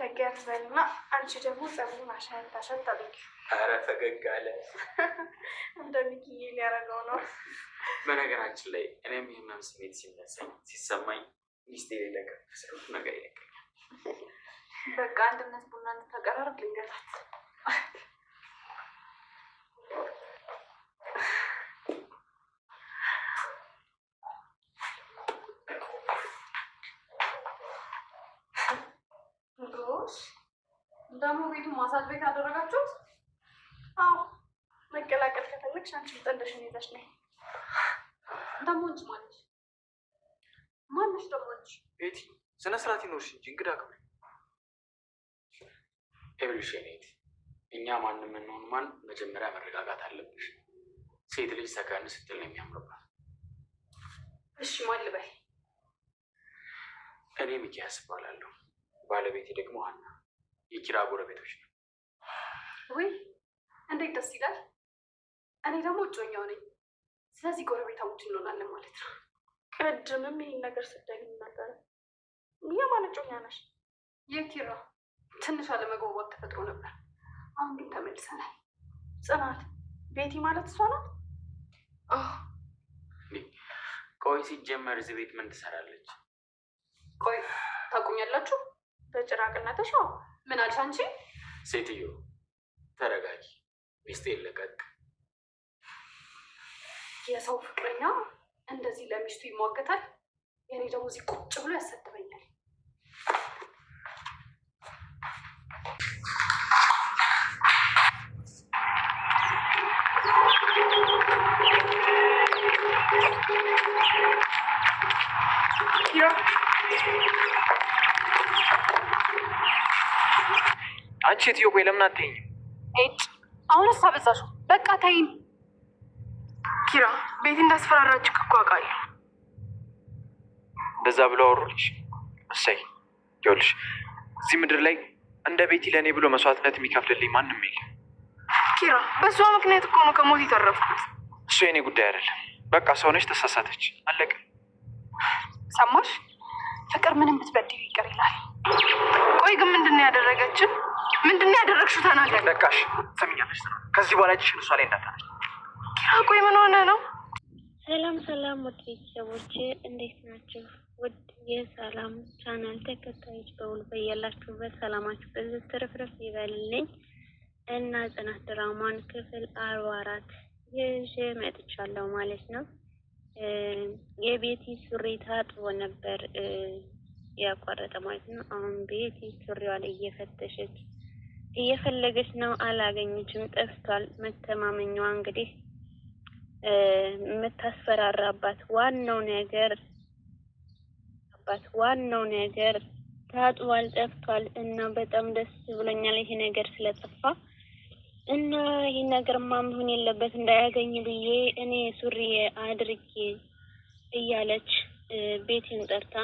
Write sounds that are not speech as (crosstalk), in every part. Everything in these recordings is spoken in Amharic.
ፈገግ በልና አንቺ ደግሞ ጸጉሩን አሸንት አሸንት አድርጊ። ኧረ ፈገግ አለ እንደ ሚኪዬ ሊያደርገው ነው። በነገራችን ላይ እኔም የህመም ስሜት ሲነሳኝ ሲሰማኝ ሚስት የሌለቀ ስሉት ነገር ይለቀኛል። በቃ አንድነት ቡና እንድታቀራርብ ልንገታት ደግሞ ቤቱን ማሳጅ ቤት ያደረጋችሁት? አዎ፣ መቀላቀል ከፈለግሽ አንቺ ልጠለሽ ይዛች ነ ደግሞ እንጂ ማለች ማነች ደግሞ እንጂ ቤቲ፣ ስነ ስርዓት ይኖርሽ እንጂ እንግዳ ክብሪ ኤብሪሽ ቤት እኛ ማንም እንሆን ማን መጀመሪያ መረጋጋት አለብሽ። ሴት ልጅ ሰከን ስትል ነው የሚያምርባት። እሺ ማን ልበል? እኔ ሚኪያስ እባላለሁ፣ ባለቤቴ ደግሞ ሀና የኪራ ጎረቤቶች ነው። ወይ እንዴት ደስ ይላል! እኔ ደግሞ እጮኛው ነኝ። ስለዚህ ጎረቤታሞች እንሆናለን ማለት ነው። ቅድምም ይህን ነገር ስደግም ነበረ። የማን እጮኛ ነሽ? የኪራ። ትንሽ አለመግባባት ተፈጥሮ ነበር። አሁን ግን ተመልሰናል። ጽናት ቤቲ ማለት እሷ ናት። ቆይ ሲጀመር እዚህ ቤት ምን ትሰራለች? ቆይ ታቁኛላችሁ በጭራቅነትሽ ምን አልሽ አንቺ? ሴትዮ ተረጋጊ፣ ሚስቴን ለቀቅ። የሰው ፍቅረኛ እንደዚህ ለሚስቱ ይሟገታል። የኔ ደግሞ እዚህ ቁጭ ብሎ ያሰድበኛል። አንቺ ሴትዮ ቆይ ለምን አትይኝም? አሁን አሁንስ አበዛሽው። በቃ ተይኝ። ኪራ ቤት እንዳስፈራራችሁ እኮ አውቃለሁ። እንደዛ ብሎ አወሩልሽ? እሰይ ይኸውልሽ፣ እዚህ ምድር ላይ እንደ ቤቲ ለእኔ ብሎ መስዋዕትነት የሚከፍልልኝ ማንም የለም። ኪራ በእሷ ምክንያት እኮ ነው ከሞት የተረፍኩት። እሱ የእኔ ጉዳይ አይደለም። በቃ ሰው ነች፣ ተሳሳተች፣ አለቀ። ሰማሽ ፍቅር ምንም ብትበድል ይቅር ይላል። ቆይ ግን ምንድን ያደረገችን? ምንድን ነው ያደረግሽው? ተናገር። በቃሽ ሰሚኛለሽ። ከዚህ በኋላ እጅሽን እሷ ላይ እንዳታነሽ። ኪራ ቆይ ምን ሆነ ነው? ሰላም ሰላም፣ ውድ ቤተሰቦች እንዴት ናችሁ? ውድ የሰላም ቻናል ተከታዮች በውል በያላችሁበት ሰላማችሁ በዚህ ትርፍርፍ ይበልልኝ እና ጽናት ድራማን ክፍል አርባ አራት ይዤ መጥቻለሁ ማለት ነው። የቤቲ ሱሪ ታጥቦ ነበር ያቋረጠ ማለት ነው። አሁን ቤቲ ሱሪዋን እየፈተሸች እየፈለገች ነው፣ አላገኘችም፣ ጠፍቷል። መተማመኛዋ እንግዲህ የምታስፈራራባት ዋናው ነገር አባት ዋናው ነገር ታጥቧል፣ ጠፍቷል እና በጣም ደስ ብሎኛል ይሄ ነገር ስለጠፋ እና ይህን ነገርማ መሆን የለበት እንዳያገኝ ብዬ እኔ ሱሪ አድርጌ እያለች ቤቴን ጠርታ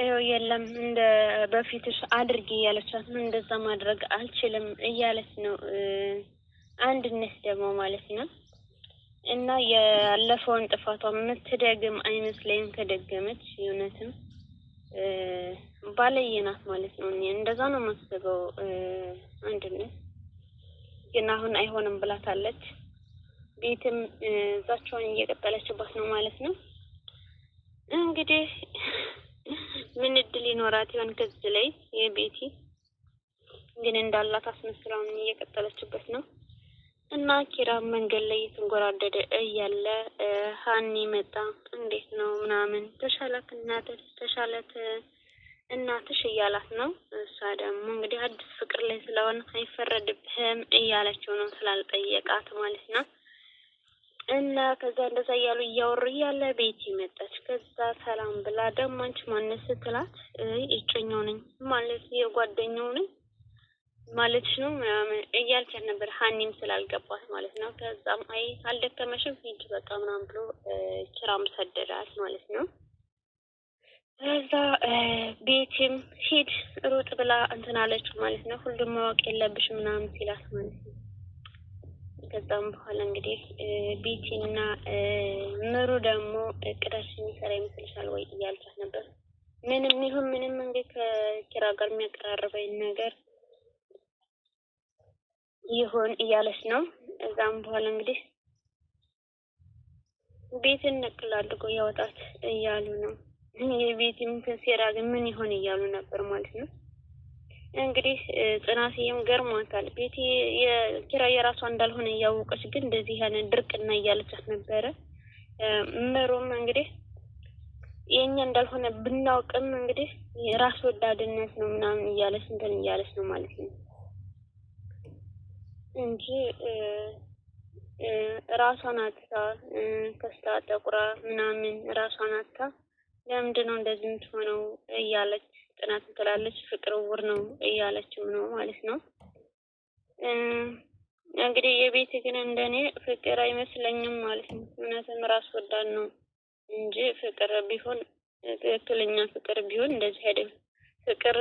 ይኸው የለም እንደ በፊትሽ አድርጌ እያለቻት ነው። እንደዛ ማድረግ አልችልም እያለች ነው። አንድነት ደግሞ ማለት ነው እና ያለፈውን ጥፋቷ የምትደግም አይመስለኝም ከደገመች የእውነትም ባለየናት ማለት ነው። እንደዛ ነው የማስበው አንድነት ግን አሁን አይሆንም ብላታለች። ቤትም እዛቸውን እየቀጠለችባት ነው ማለት ነው። እንግዲህ ምን እድል ይኖራት ይሆን ከዚህ ላይ? የቤቲ ግን እንዳላት አስመስላውን እየቀጠለችበት ነው እና ኪራ መንገድ ላይ እየተንጎራደደ እያለ ሀኒ መጣ። እንዴት ነው ምናምን ተሻላት እናት እናትሽ እያላት ነው። እሷ ደግሞ እንግዲህ አዲስ ፍቅር ላይ ስለሆነ አይፈረድብህም እያለችው ነው ስላልጠየቃት ማለት ነው። እና ከዛ እንደዛ እያሉ እያወሩ እያለ ቤት መጣች። ከዛ ሰላም ብላ ደግሞ አንቺ ማነስ ስትላት እጮኛው ነኝ ማለት የጓደኛው ነኝ ማለትሽ ነው ምናምን እያልቻት ነበር። ሀኒም ስላልገባት ማለት ነው። ከዛም አይ አልደከመሽም ሂጅ በቃ ምናምን ብሎ ኪራም ሰደዳት ማለት ነው። ከዛ ቤትም ሂድ ሩጥ ብላ እንትን ማለት ነው። ሁሉም ማወቅ የለብሽ ምናምን ሲላት ማለት ነው። ከዛም በኋላ እንግዲህ ቤቲና ምሩ ደግሞ እቅዳችን የሚሰራ ይመስልሻል ወይ እያልቻት ነበር። ምንም ይሁን ምንም እንግዲህ ከኪራ ጋር የሚያቀራርበኝ ነገር ይሁን እያለች ነው። እዛም በኋላ እንግዲህ ቤትን ነቅላ አድርጎ ያወጣት እያሉ ነው። ይሄ የቤቲም ግን ምን ይሆን እያሉ ነበር ማለት ነው። እንግዲህ ጽናትዬም ገርሟታል። ቤቲ የኪራ የራሷ እንዳልሆነ እያወቀች ግን እንደዚህ ያለ ድርቅና እያለቻት ነበረ። ምሩም እንግዲህ የእኛ እንዳልሆነ ብናውቅም እንግዲህ የራስ ወዳድነት ነው ምናምን እያለች እንትን እያለች ነው ማለት ነው እንጂ ራሷን አጥታ ከስታ ጠቁራ ምናምን ራሷን አጥታ ለምንድን ነው እንደዚህ የምትሆነው እያለች ጥናት ትላለች። ፍቅር እውር ነው እያለችም ነው ማለት ነው። እንግዲህ የቤት ግን እንደኔ ፍቅር አይመስለኝም ማለት ነው። እውነትም ራስ ወዳድ ነው እንጂ ፍቅር ቢሆን ትክክለኛ ፍቅር ቢሆን እንደዚህ አይደለም። ፍቅር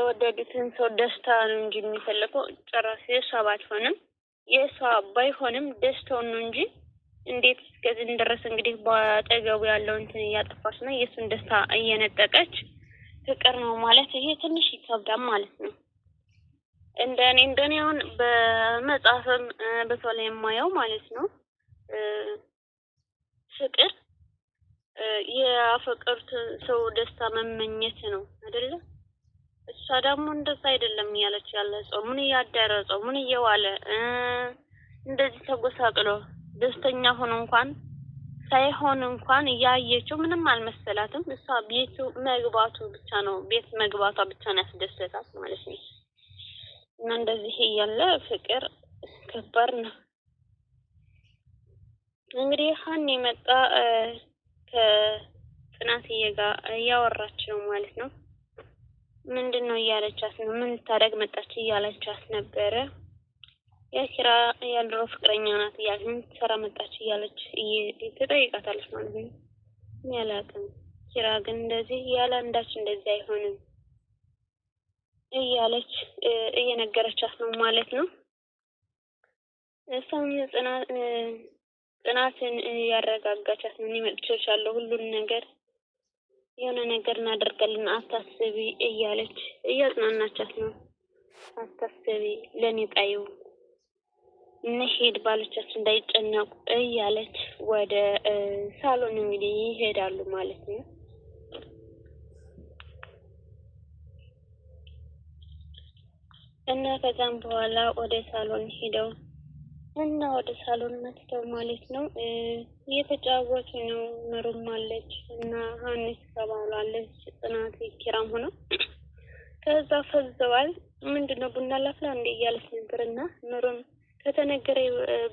የወደዱትን ሰው ደስታ ነው እንጂ የሚፈልገው ጭራሽ የእሷ ባትሆንም የእሷ ባይሆንም ደስታውን ነው እንጂ እንዴት እስከዚህ ድረስ እንግዲህ በአጠገቡ ያለው እንትን እያጠፋች ነው፣ የእሱን ደስታ እየነጠቀች ፍቅር ነው ማለት ይሄ ትንሽ ይከብዳል ማለት ነው። እንደ እኔ አሁን በመጽሐፍም በሰው ላይ የማየው ማለት ነው ፍቅር የፍቅርት ሰው ደስታ መመኘት ነው አይደለ? እሷ ደግሞ እንደዛ አይደለም እያለች ያለ ጾሙን እያደረ ጾሙን እየዋለ እንደዚህ ተጎሳቅሎ ደስተኛ ሆኖ እንኳን ሳይሆን እንኳን እያየችው ምንም አልመሰላትም። እሷ ቤቱ መግባቱ ብቻ ነው ቤት መግባቷ ብቻ ነው ያስደሰታት ማለት ነው። እና እንደዚህ እያለ ፍቅር ከባድ ነው። እንግዲህ ሀን መጣ ከጽናትዬ ጋር እያወራች ነው ማለት ነው። ምንድን ነው እያለቻት ነው? ምን ታደርግ መጣች እያለቻት ነበረ የኪራ ያልድሮ ፍቅረኛ ናት እያለች ስራ መጣች እያለች ትጠይቃታለች ማለት ነው። ያላቅም ኪራ ግን እንደዚህ ያለ አንዳች እንደዚህ አይሆንም እያለች እየነገረቻት ነው ማለት ነው። እሷም ጽናትን ያረጋጋቻት ነው። እኔ መጥቼልሻለሁ፣ ሁሉን ነገር የሆነ ነገር እናደርጋለን፣ አታስቢ እያለች እያጽናናቻት ነው። አታስቢ ለኔ ጣይው እንሄድ ባሎቻችን እንዳይጨነቁ እያለች ወደ ሳሎን እንግዲህ ይሄዳሉ ማለት ነው። እና ከዛም በኋላ ወደ ሳሎን ሄደው እና ወደ ሳሎን መጥተው ማለት ነው እየተጫወቱ ነው። ምሩም አለች እና ሀኒሽ ከባሏለች ጽናት ኪራም ሆነው ከዛ ፈዘዋል። ምንድነው ቡና ላፍላ እንዴ እያለች ነበር እና ምሩም ከተነገረ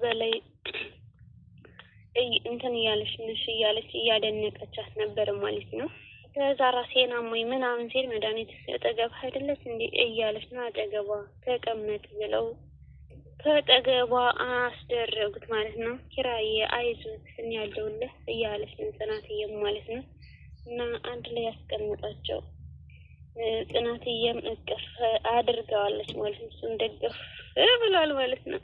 በላይ እንትን እያለች ንሽ እያለች እያደነቀቻት ነበር ማለት ነው። ከዛ ራሴን አሞኝ ምናምን ሲል መድኃኒት አጠገብ አይደለች እንዲ እያለች ነው አጠገቧ ተቀመጥ ብለው ከጠገቧ አስደረጉት ማለት ነው። ኪራዬ አይዞት እኔ ያለሁልህ እያለች ነው ጽናትዬም ማለት ነው እና አንድ ላይ ያስቀምጣቸው። ጽናትዬም እቅፍ አድርገዋለች ማለት ነው። እሱም ደገፍ ብሏል ማለት ነው።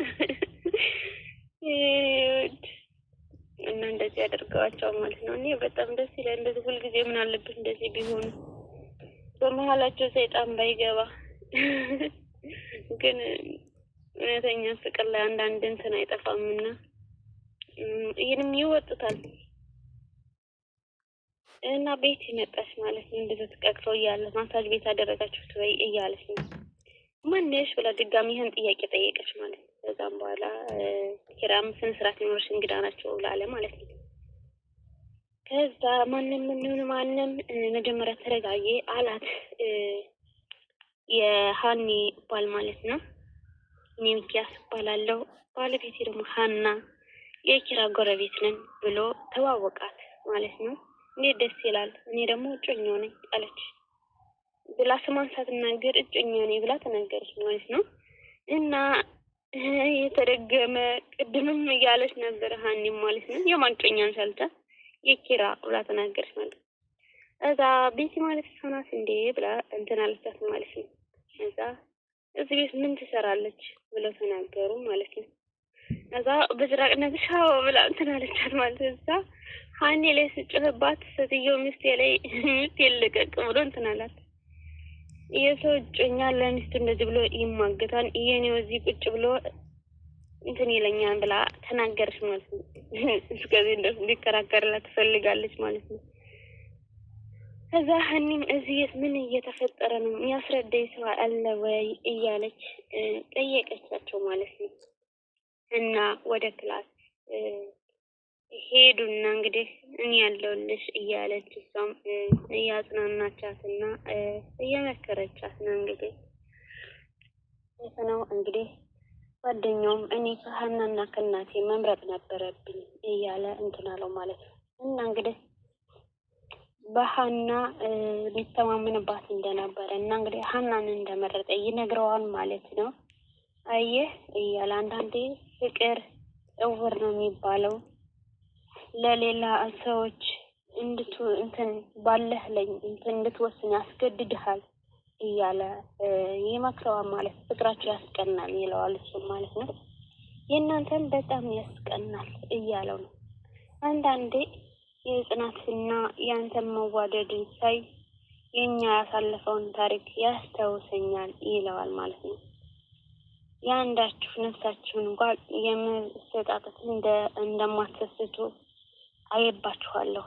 እና እንደዚህ አድርገዋቸው ማለት ነው። እኔ በጣም ደስ ይላል። እንደዚህ ሁልጊዜ ምን አለበት እንደዚህ ቢሆኑ በመሀላቸው ሰይጣን ባይገባ። ግን እውነተኛ ፍቅር ላይ አንዳንድ እንትን አይጠፋምና ይህንም ይወጡታል። እና ቤት የመጣች ማለት ነው እንደዛ ተቀቅሎ እያለ ማሳጅ ቤት አደረጋችሁት ወይ እያለች ነው ማንሽ ብላ ድጋሚ ይህን ጥያቄ ጠየቀች ማለት ነው። ከዛም በኋላ ኪራም ስነ ስርዓት ሊኖርሽ እንግዳ ናቸው ላለ ማለት ነው። ከዛ ማንም ምን ማንም መጀመሪያ ተረጋየ አላት የሀኒ ባል ማለት ነው። እኔ ሚኪያስ እባላለሁ፣ ባለቤቴ ደግሞ ሀና የኪራ ጎረቤት ነን ብሎ ተዋወቃት ማለት ነው። እኔ ደስ ይላል! እኔ ደግሞ እጮኛው ነኝ አለች ብላ ስሟን ሳትናገር እጮኛ ነኝ ብላ ተናገረች ማለት ነው። እና የተደገመ ቅድምም እያለች ነበር ሀኒም ማለት ነው። የማን እጮኛን ሳልታ የኪራ ብላ ተናገረች ማለት ነው። እዛ ቤት ማለት ሰናት እንዴ ብላ እንትን አለቻት ማለት ነው። እዛ እዚህ ቤት ምን ትሰራለች ብለው ተናገሩ ማለት ነው። እዛ በዝራቅነት ነግሻው ብላ እንትን አለቻት ማለት ነው። እዛ ሀኔ ላይ ስጮህባት ሴትዮ ሚስቴ ላይ ሚስቴ የለቀቅ ብሎ እንትናላት አላት። የሰው እጮኛ ለሚስቱ እንደዚህ ብሎ ይማገታል። የኔው በዚህ ቁጭ ብሎ እንትን ይለኛል ብላ ተናገረች ማለት ነው። እስከዚህ እንደሱ ሊከራከርላት ትፈልጋለች ማለት ነው። ከዛ ሀኒም እዚህ የት ምን እየተፈጠረ ነው የሚያስረዳኝ ሰው አለ ወይ እያለች ጠየቀቻቸው ማለት ነው። እና ወደ ክላስ ሄዱና እንግዲህ እኔ ያለውልሽ እያለች እሷም እና እየመከረቻት ነው። እንግዲህ ነው እንግዲህ ጓደኛውም እኔ ከሀናና ከእናቴ መምረጥ ነበረብኝ እያለ እንትን አለው ማለት ነው። እና እንግዲህ በሀና ሊተማመንባት እንደነበረ እና እንግዲህ ሀናን እንደመረጠ ይነግረዋል ማለት ነው። አየህ እያለ አንዳንዴ ፍቅር እውር ነው የሚባለው ለሌላ ሰዎች እንትን ባለህ ለኝ እንትን እንድትወስኝ ያስገድድሃል እያለ ይመክረዋል ማለት ፍቅራቸው ያስቀናል ይለዋል። እሱ ማለት ነው የእናንተን በጣም ያስቀናል እያለው ነው። አንዳንዴ የጽናትና የአንተን መዋደድን ሳይ የእኛ ያሳለፈውን ታሪክ ያስታውሰኛል ይለዋል ማለት ነው። የአንዳችሁ ነፍሳችሁን እንኳን የመሰጣጠት እንደማትሰስቱ አየባችኋለሁ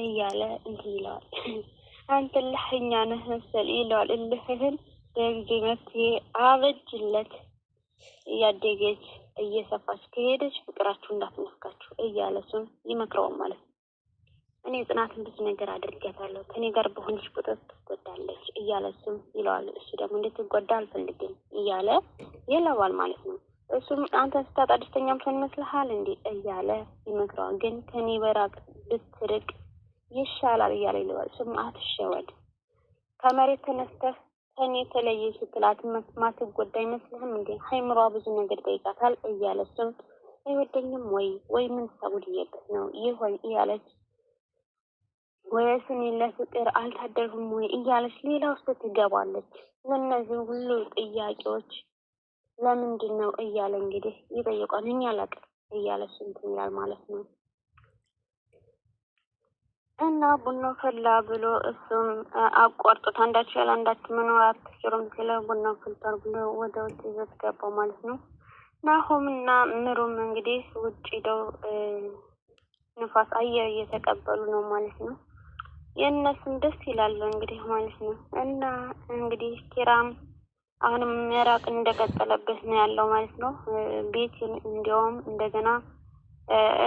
እያለ እንትን ይለዋል። (clears throat) አንተ እልህኛ ነህ መሰል ይለዋል። እልህህን በጊዜ መፍትሄ አበጅለት። እያደገች እየሰፋች ከሄደች ፍቅራችሁ እንዳትነፍጋችሁ እያለ እሱም ይመክረዋል ማለት ነው። እኔ ጽናትን ብዙ ነገር አድርጌያታለሁ ከእኔ ጋር በሆነች ቁጥር ትጎዳለች እያለ እሱም ይለዋል። እሱ ደግሞ እንድትጎዳ አልፈልግም እያለ ይለዋል ማለት ነው። እሱም አንተ ስታጣ ደስተኛም ትሆን ይመስልሃል እንዴ እያለ ይመክረዋል። ግን ከኔ በራቅ ብትርቅ ይሻላል እያለ ይለዋል። እሱም አትሸወድ፣ ከመሬት ተነስተህ ከኔ የተለየ ስትላት ማትጎዳ ይመስልህም እንዴ ሀይምሯ ብዙ ነገር ጠይቃታል እያለ እሱም አይወደኝም ወይ ወይ ምን ሳጉድየበት ነው ይሆን እያለች ወይስ እኔ ለፍቅር አልታደርሁም ወይ እያለች ሌላ ውስጥ ትገባለች። እነዚህ ሁሉ ጥያቄዎች ለምንድን ነው እያለ እንግዲህ ይጠይቋል። እኔ አላቅም እያለ እንትን ይላል ማለት ነው። እና ቡና ፈላ ብሎ እሱም አቋርጦት አንዳች ያለ አንዳች መኖር አትችሉም ሲለው ቡና ፍልቷል ብሎ ወደ ውጭ ይዞት ገባው ማለት ነው። ናሆም እና ምሩም እንግዲህ ውጭ ሄደው ንፋስ አየር እየተቀበሉ ነው ማለት ነው። የእነሱም ደስ ይላል እንግዲህ ማለት ነው። እና እንግዲህ ኪራም አሁንም መራቅ እንደቀጠለበት ነው ያለው ማለት ነው። ቤት እንዲያውም እንደገና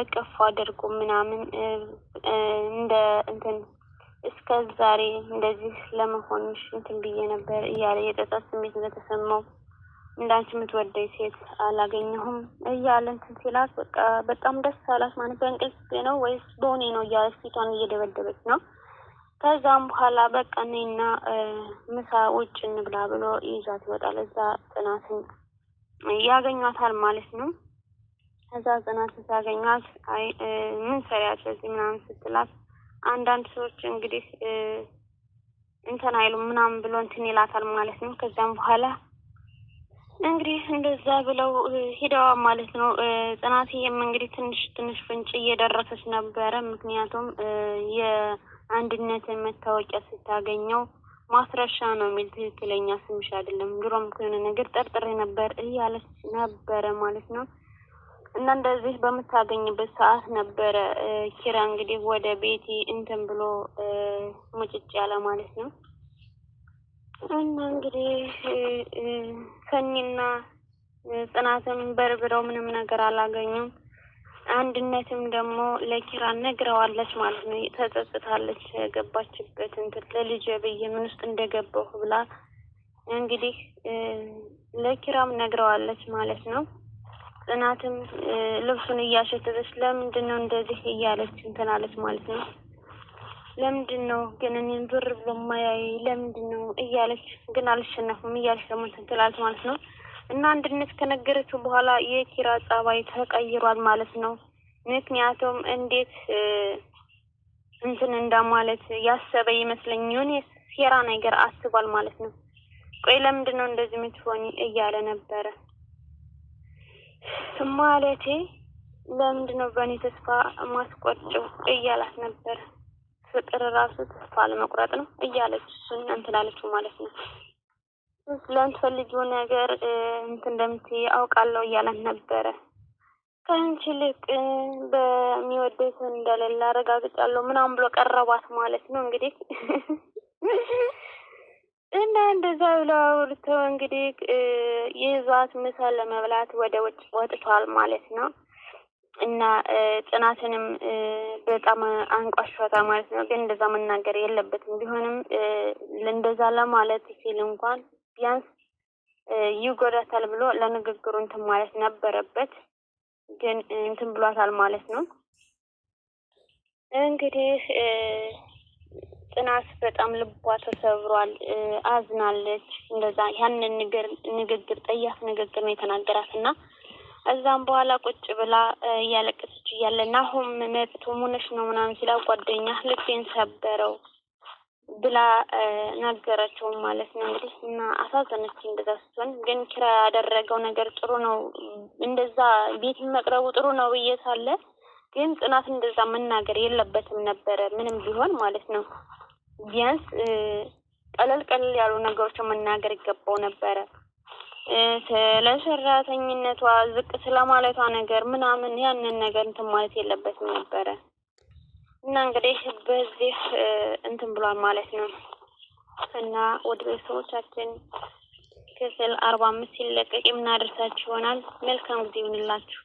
እቅፍ አድርጎ ምናምን እንደ እንትን እስከ ዛሬ እንደዚህ ለመሆን እንትን ብዬ ነበር እያለ የጸጸት ስሜት እንደተሰማው እንዳንቺ የምትወደኝ ሴት አላገኘሁም እያለ እንትን ሲላት በቃ በጣም ደስ አላት ማለት በእንቅልፍ ነው ወይስ በሆኔ ነው እያለ ፊቷን እየደበደበች ነው። ከዛም በኋላ በቃ እኔና ምሳ ውጭ እንብላ ብሎ ይዟት ይወጣል። እዛ ጽናትን ያገኟታል ማለት ነው። እዛ ጽናትን ሲያገኟት ምን ሰሪያቸው እዚህ ምናምን ስትላት አንዳንድ ሰዎች እንግዲህ እንትን አይሉ ምናምን ብሎ እንትን ይላታል ማለት ነው። ከዛም በኋላ እንግዲህ እንደዛ ብለው ሂደዋ ማለት ነው። ጽናትዬም እንግዲህ ትንሽ ትንሽ ፍንጭ እየደረሰች ነበረ። ምክንያቱም አንድነትን መታወቂያ ስታገኘው ማስረሻ ነው የሚል ትክክለኛ ስምሽ አይደለም፣ ድሮም ከሆነ ነገር ጠርጥሬ ነበር እያለች ነበረ ማለት ነው። እና እንደዚህ በምታገኝበት ሰዓት ነበረ ኪራ እንግዲህ ወደ ቤቲ እንትን ብሎ ሙጭጭ ያለ ማለት ነው። እና እንግዲህ ሰኒና ጽናትም በርብረው ምንም ነገር አላገኙም። አንድነትም ደግሞ ለኪራ ነግረዋለች ማለት ነው። ተጸጽታለች የገባችበት እንትን ለልጄ ብዬ ምን ውስጥ እንደገባሁ ብላ እንግዲህ ለኪራም ነግረዋለች ማለት ነው። ጽናትም ልብሱን እያሸተተች ለምንድን ነው እንደዚህ እያለች እንትን አለች ማለት ነው። ለምንድን ነው ግን እኔን ብር ብሎ ማያይ ለምንድን ነው እያለች ግን አልሸነፉም እያለች ደግሞ እንትን ትላለች ማለት ነው። እና አንድነት ከነገረችው በኋላ የኪራ ጸባይ ተቀይሯል ማለት ነው። ምክንያቱም እንዴት እንትን እንዳማለት ያሰበ ይመስለኝ ይሁን ሴራ ነገር አስቧል ማለት ነው። ቆይ ለምንድን ነው እንደዚህ የምትሆኒ እያለ ነበረ ማለቴ ለምንድን ነው በእኔ ተስፋ ማስቆጨው እያላት ነበረ። ፍቅር ራሱ ተስፋ ለመቁረጥ ነው እያለች እሱን እንትላለችው ማለት ነው። ለምትፈልጊው ነገር እንትን እንደምትይ አውቃለሁ እያለን ነበረ። ከአንቺ ልቅ በሚወደው ሰው እንደሌለ አረጋግጫለሁ ምናምን ብሎ ቀረቧት ማለት ነው እንግዲህ (laughs) እና እንደዛ ብሎ አውርተው እንግዲህ ይዟት ምሳ ለመብላት ወደ ውጭ ወጥቷል ማለት ነው። እና ጽናትንም በጣም አንቋሸታ ማለት ነው። ግን እንደዛ መናገር የለበትም ቢሆንም እንደዛ ለማለት ሲል እንኳን ቢያንስ ይጎዳታል ብሎ ለንግግሩ እንትን ማለት ነበረበት፣ ግን እንትን ብሏታል ማለት ነው። እንግዲህ ጽናት በጣም ልቧ ተሰብሯል፣ አዝናለች። እንደዛ ያንን ንግግር ጠያፍ ንግግር ነው የተናገራት እና እዛም በኋላ ቁጭ ብላ እያለቀሰች እያለ ናሆም መጥቶ ሙነሽ ነው ምናምን ሲላ ጓደኛ ልቤን ሰበረው ብላ ነገረችው ማለት ነው እንግዲህ እና አሳዘነች። እንደዛ ስትሆን ግን ኪራ ያደረገው ነገር ጥሩ ነው። እንደዛ ቤት መቅረቡ ጥሩ ነው ብዬ ሳለ ግን ጽናት እንደዛ መናገር የለበትም ነበረ ምንም ቢሆን ማለት ነው። ቢያንስ ቀለል ቀለል ያሉ ነገሮችን መናገር ይገባው ነበረ። ስለ ሰራተኝነቷ ዝቅ ስለማለቷ ነገር ምናምን ያንን ነገር እንትን ማለት የለበትም ነበረ። እና እንግዲህ በዚህ እንትን ብሏል ማለት ነው እና ወደ ቤተሰቦቻችን ክፍል አርባ አምስት ሲለቀቅ የምናደርሳችሁ ይሆናል። መልካም ጊዜ ይሁንላችሁ።